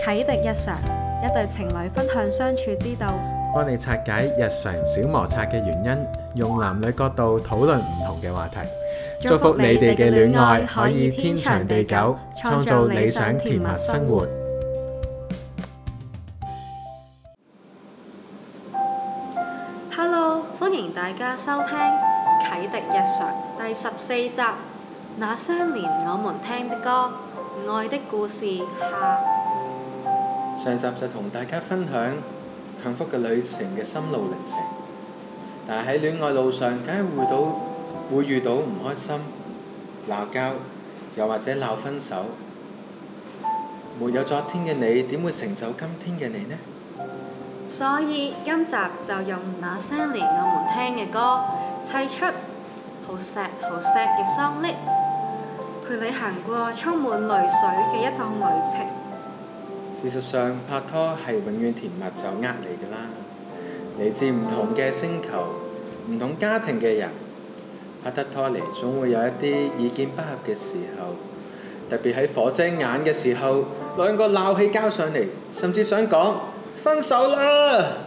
啟迪日常，一對情侶分享相處之道，幫你拆解日常小摩擦嘅原因，用男女角度討論唔同嘅話題，祝福你哋嘅戀愛可以天長地久，創造理想甜蜜生活。Hello，歡迎大家收聽《啟迪日常》第十四集，那些年我們聽的歌《愛的故事》下。上集就同大家分享幸福嘅旅程嘅心路歷程，但係喺戀愛路上梗係會到會遇到唔開心、鬧交，又或者鬧分手。沒有昨天嘅你，點會成就今天嘅你呢？所以今集就用那些年我們聽嘅歌，砌出好 sad 好 sad 嘅 song list，陪你行過充滿淚水嘅一趟旅程。事實上，拍拖係永遠甜蜜就呃你㗎啦。嚟自唔同嘅星球、唔同家庭嘅人，拍得拖嚟總會有一啲意見不合嘅時候，特別喺火遮眼嘅時候，兩個鬧起交上嚟，甚至想講分手啦。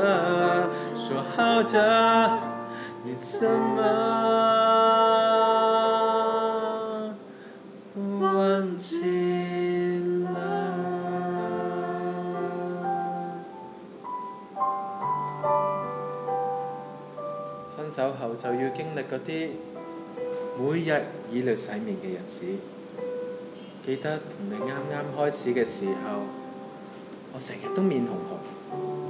分手後就要經歷嗰啲每日以淚洗面嘅日子。記得同你啱啱開始嘅時候，我成日都面紅紅。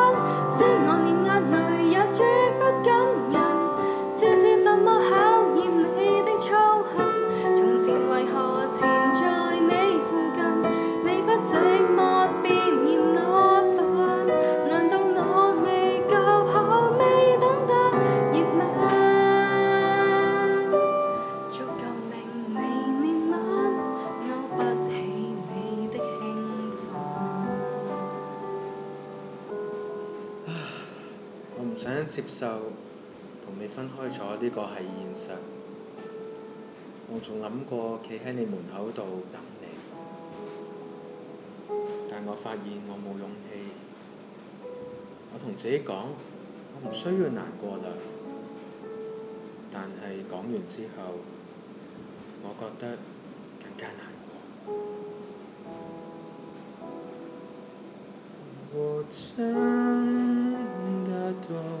坐呢個係現實，我仲諗過企喺你門口度等你，但我發現我冇勇氣，我同自己講，我唔需要難過嘞。但係講完之後，我覺得更加難過。我真的懂。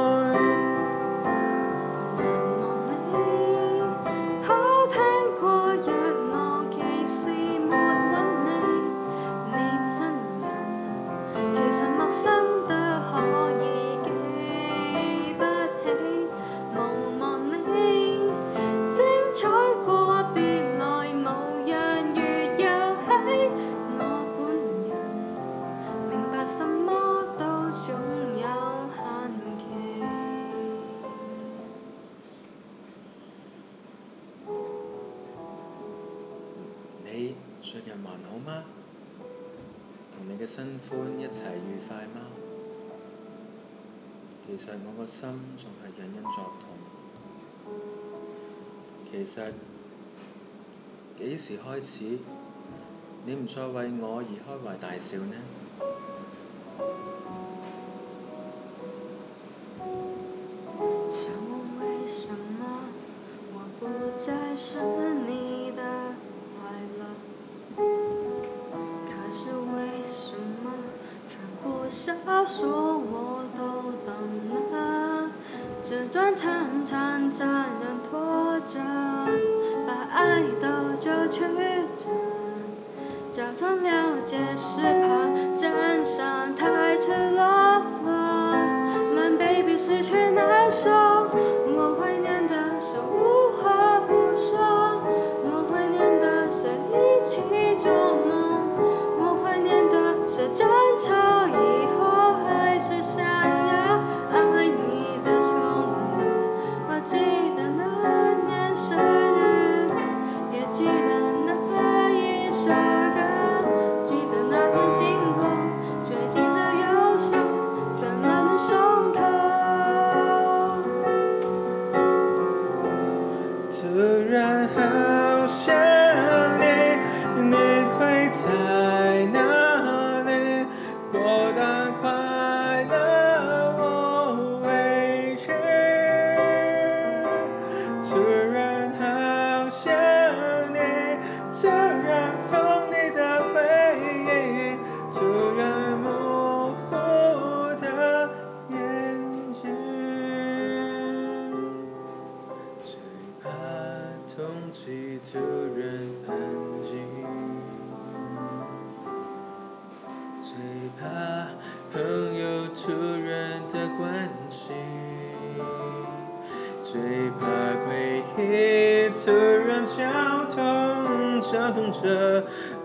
你昨日還好嗎？同你嘅新歡一齊愉快嗎？其實我個心仲係隱隱作痛。其實幾時開始，你唔再為我而開懷大笑呢？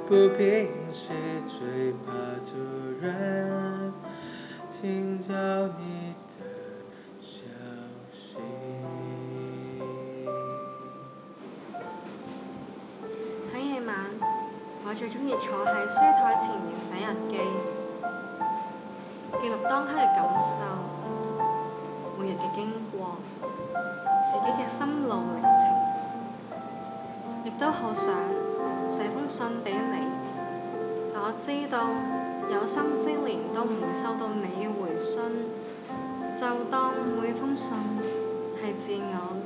喺夜晚，我最中意坐喺書台前，寫日記，記錄當刻嘅感受，每日嘅經過，自己嘅心路歷程，亦都好想。寫封信俾你，但我知道有生之年都唔會收到你嘅回信，就當每封信係自我。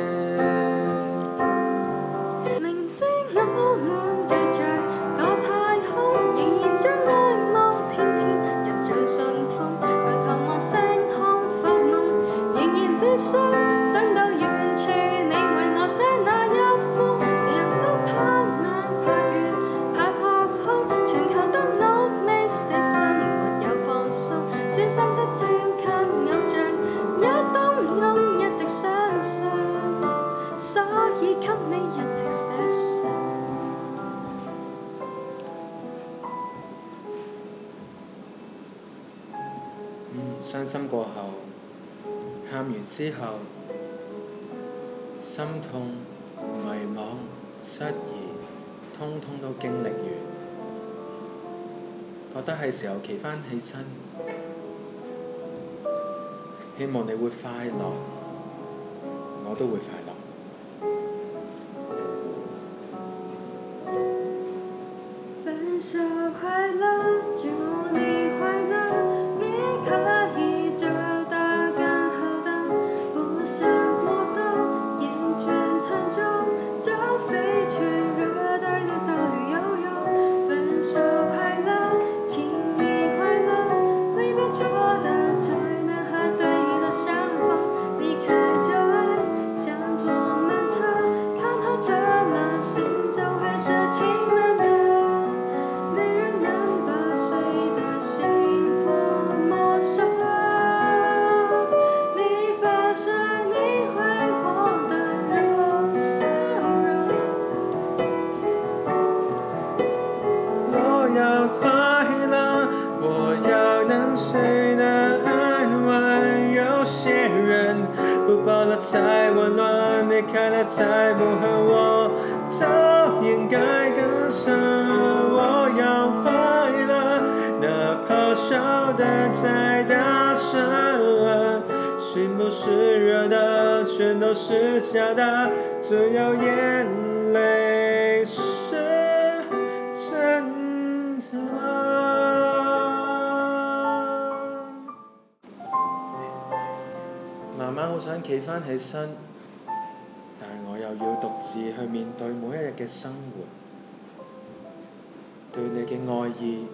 嗯，傷心過後，喊完之後，心痛、迷茫、失意，通通都經歷完，覺得係時候企返起身，希望你會快樂，我都會快樂。我想企翻起身，但係我又要獨自去面對每一日嘅生活。對你嘅愛意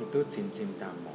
亦都漸漸淡忘。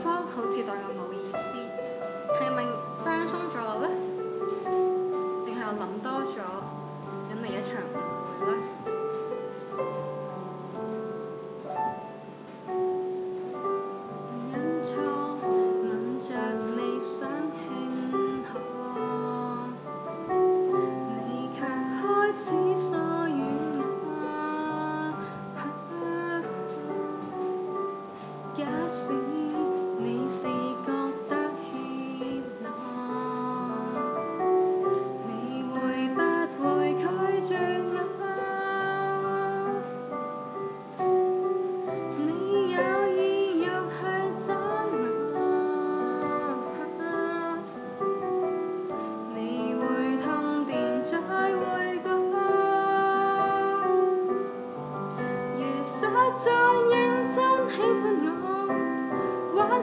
對方好似對我冇意思，係咪放鬆咗咧？定係我諗多咗，引嚟一場誤會咧？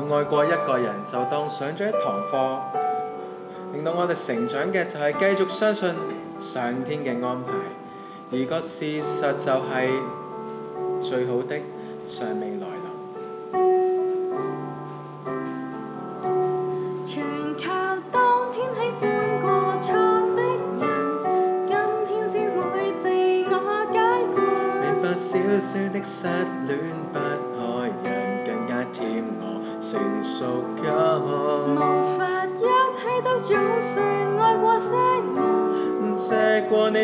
每愛過一個人，就當上咗一堂課，令到我哋成長嘅就係繼續相信上天嘅安排，而個事實就係最好的尚未來。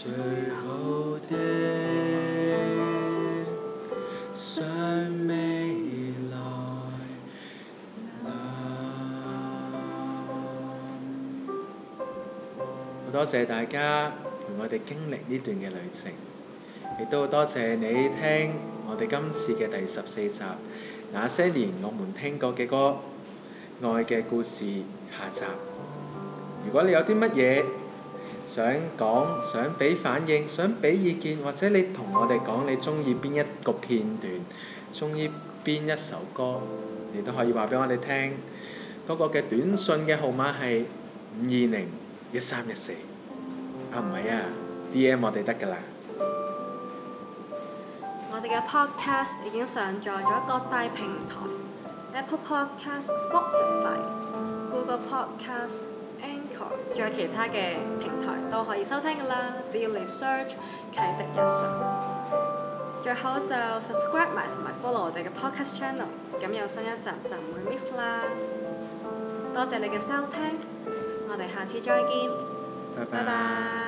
最好的尚未來。啊，好多謝大家陪我哋經歷呢段嘅旅程，亦都好多謝你聽我哋今次嘅第十四集《那些年我們聽過嘅歌》《愛嘅故事》下集。如果你有啲乜嘢，想講、想俾反應、想俾意見，或者你同我哋講你中意邊一個片段、中意邊一首歌，你都可以話俾我哋聽。嗰個嘅短信嘅號碼係五二零一三一四。啊唔係啊，DM 我哋得㗎啦。我哋嘅 Podcast 已經上載咗各大平台：Apple Podcast、Spotify、Google Podcast。仲有其他嘅平台都可以收聽㗎啦，只要你 search 啟廸日常，最好就 subscribe 埋同埋 follow 我哋嘅 podcast channel，咁有新一集就唔會 miss 啦。多謝你嘅收聽，我哋下次再見，拜拜。